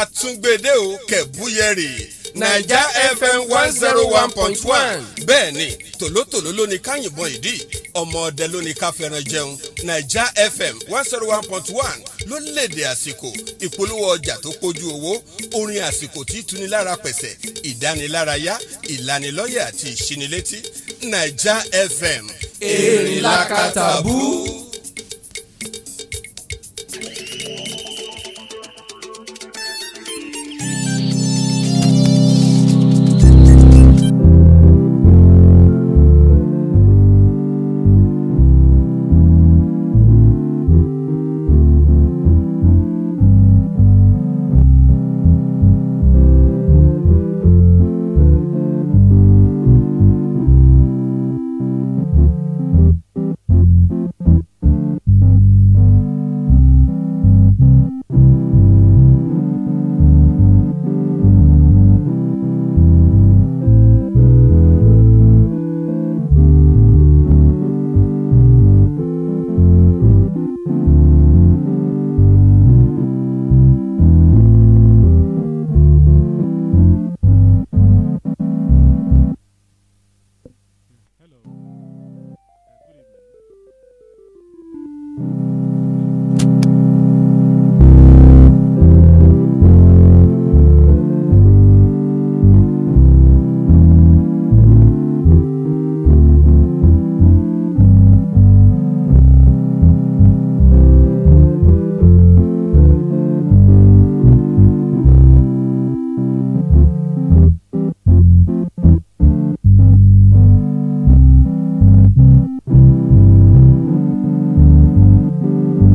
àtúngbèdè ò kẹ̀búyẹ̀rì naija fm one zero one point one bẹ́ẹ̀ ni tòlótòló ló ní káyìnbọn ìdí ọmọ ọdẹ ló ní káfẹ́ràn jẹun naija fm one zero one point one ló léde àsìkò ìpolówó ọjà tó kojú owó orin àsìkò tí tunilára pẹ̀sẹ̀ ìdánilárayá ìlanilọ́yẹ̀ àti ìṣinilétí naija fm lakata kàtàbù.